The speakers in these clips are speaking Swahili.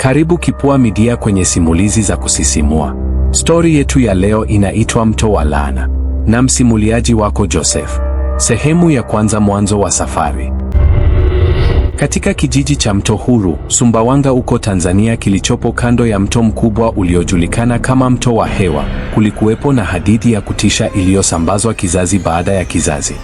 Karibu Kipua Midia kwenye simulizi za kusisimua. Stori yetu ya leo inaitwa Mto wa Laana na msimuliaji wako Joseph. Sehemu ya kwanza, mwanzo wa safari. Katika kijiji cha Mto Huru, Sumbawanga uko Tanzania, kilichopo kando ya mto mkubwa uliojulikana kama Mto wa Hewa, kulikuwepo na hadithi ya kutisha iliyosambazwa kizazi baada ya kizazi.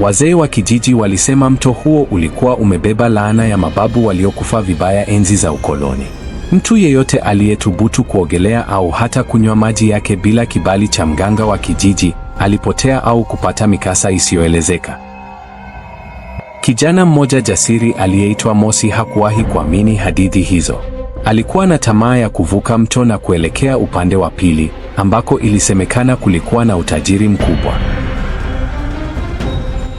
Wazee wa kijiji walisema mto huo ulikuwa umebeba laana ya mababu waliokufa vibaya enzi za ukoloni. Mtu yeyote aliyethubutu kuogelea au hata kunywa maji yake bila kibali cha mganga wa kijiji alipotea au kupata mikasa isiyoelezeka. Kijana mmoja jasiri aliyeitwa Mosi hakuwahi kuamini hadithi hizo. Alikuwa na tamaa ya kuvuka mto na kuelekea upande wa pili ambako ilisemekana kulikuwa na utajiri mkubwa.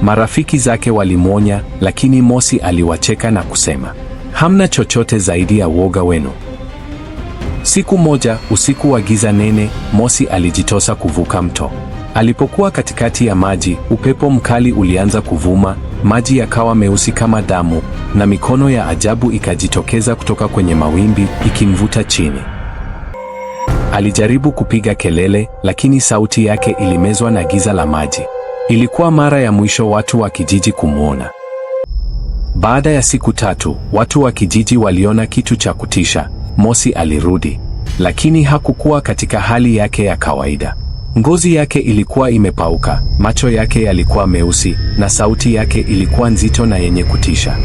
Marafiki zake walimwonya, lakini Mosi aliwacheka na kusema, hamna chochote zaidi ya uoga wenu. Siku moja, usiku wa giza nene, Mosi alijitosa kuvuka mto. Alipokuwa katikati ya maji, upepo mkali ulianza kuvuma, maji yakawa meusi kama damu, na mikono ya ajabu ikajitokeza kutoka kwenye mawimbi ikimvuta chini. Alijaribu kupiga kelele, lakini sauti yake ilimezwa na giza la maji. Ilikuwa mara ya mwisho watu wa kijiji kumwona. Baada ya siku tatu, watu wa kijiji waliona kitu cha kutisha. Mosi alirudi, lakini hakukuwa katika hali yake ya kawaida. Ngozi yake ilikuwa imepauka, macho yake yalikuwa meusi na sauti yake ilikuwa nzito na yenye kutisha.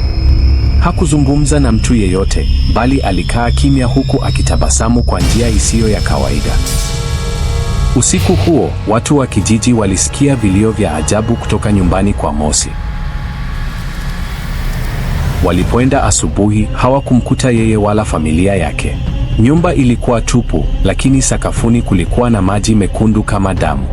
Hakuzungumza na mtu yeyote, bali alikaa kimya huku akitabasamu kwa njia isiyo ya kawaida. Usiku huo watu wa kijiji walisikia vilio vya ajabu kutoka nyumbani kwa Mosi. Walipoenda asubuhi, hawakumkuta yeye wala familia yake. Nyumba ilikuwa tupu, lakini sakafuni kulikuwa na maji mekundu kama damu.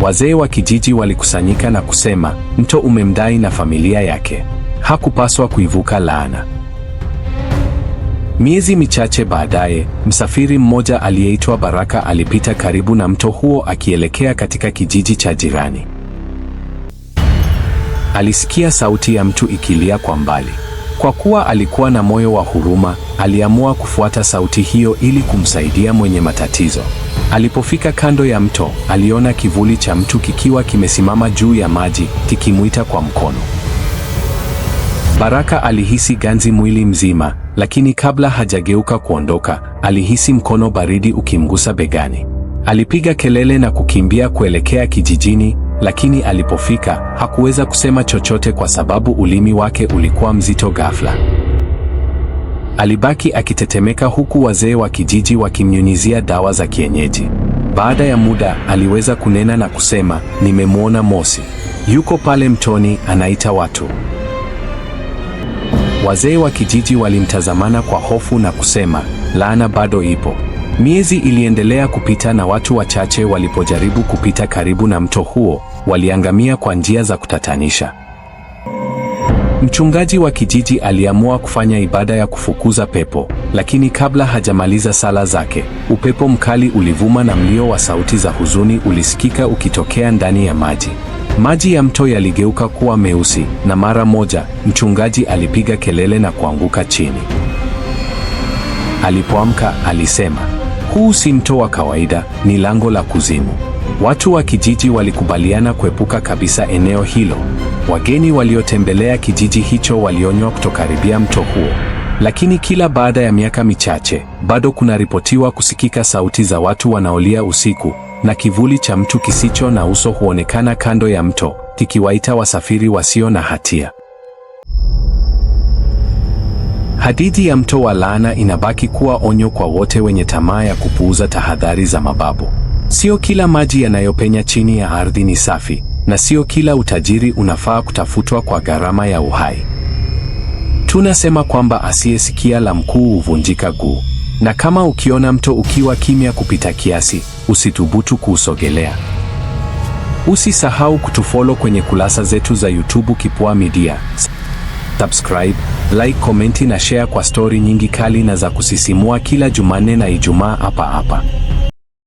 Wazee wa kijiji walikusanyika na kusema, mto umemdai na familia yake, hakupaswa kuivuka laana. Miezi michache baadaye, msafiri mmoja aliyeitwa Baraka alipita karibu na mto huo akielekea katika kijiji cha jirani. Alisikia sauti ya mtu ikilia kwa mbali. Kwa kuwa alikuwa na moyo wa huruma, aliamua kufuata sauti hiyo ili kumsaidia mwenye matatizo. Alipofika kando ya mto, aliona kivuli cha mtu kikiwa kimesimama juu ya maji, kikimwita kwa mkono. Baraka alihisi ganzi mwili mzima, lakini kabla hajageuka kuondoka, alihisi mkono baridi ukimgusa begani. Alipiga kelele na kukimbia kuelekea kijijini, lakini alipofika hakuweza kusema chochote kwa sababu ulimi wake ulikuwa mzito ghafla. Alibaki akitetemeka huku wazee wa kijiji wakimnyunyizia dawa za kienyeji. Baada ya muda aliweza kunena na kusema, nimemwona Mosi. Yuko pale mtoni anaita watu. Wazee wa kijiji walimtazamana kwa hofu na kusema, laana bado ipo. Miezi iliendelea kupita na watu wachache walipojaribu kupita karibu na mto huo, waliangamia kwa njia za kutatanisha. Mchungaji wa kijiji aliamua kufanya ibada ya kufukuza pepo, lakini kabla hajamaliza sala zake, upepo mkali ulivuma na mlio wa sauti za huzuni ulisikika ukitokea ndani ya maji. Maji ya mto yaligeuka kuwa meusi na mara moja mchungaji alipiga kelele na kuanguka chini. Alipoamka alisema, huu si mto wa kawaida, ni lango la kuzimu. Watu wa kijiji walikubaliana kuepuka kabisa eneo hilo. Wageni waliotembelea kijiji hicho walionywa kutokaribia mto huo. Lakini kila baada ya miaka michache, bado kunaripotiwa kusikika sauti za watu wanaolia usiku, na kivuli cha mtu kisicho na uso huonekana kando ya mto kikiwaita wasafiri wasio na hatia. Hadithi ya mto wa laana inabaki kuwa onyo kwa wote wenye tamaa ya kupuuza tahadhari za mababu. Sio kila maji yanayopenya chini ya ardhi ni safi, na sio kila utajiri unafaa kutafutwa kwa gharama ya uhai. Tunasema kwamba asiyesikia la mkuu huvunjika guu. Na kama ukiona mto ukiwa kimya kupita kiasi, usithubutu kuusogelea. Usisahau kutufolo kwenye kurasa zetu za YouTube Kipua Media. Subscribe, like, komenti na share kwa stori nyingi kali na za kusisimua kila Jumanne na Ijumaa hapa hapa.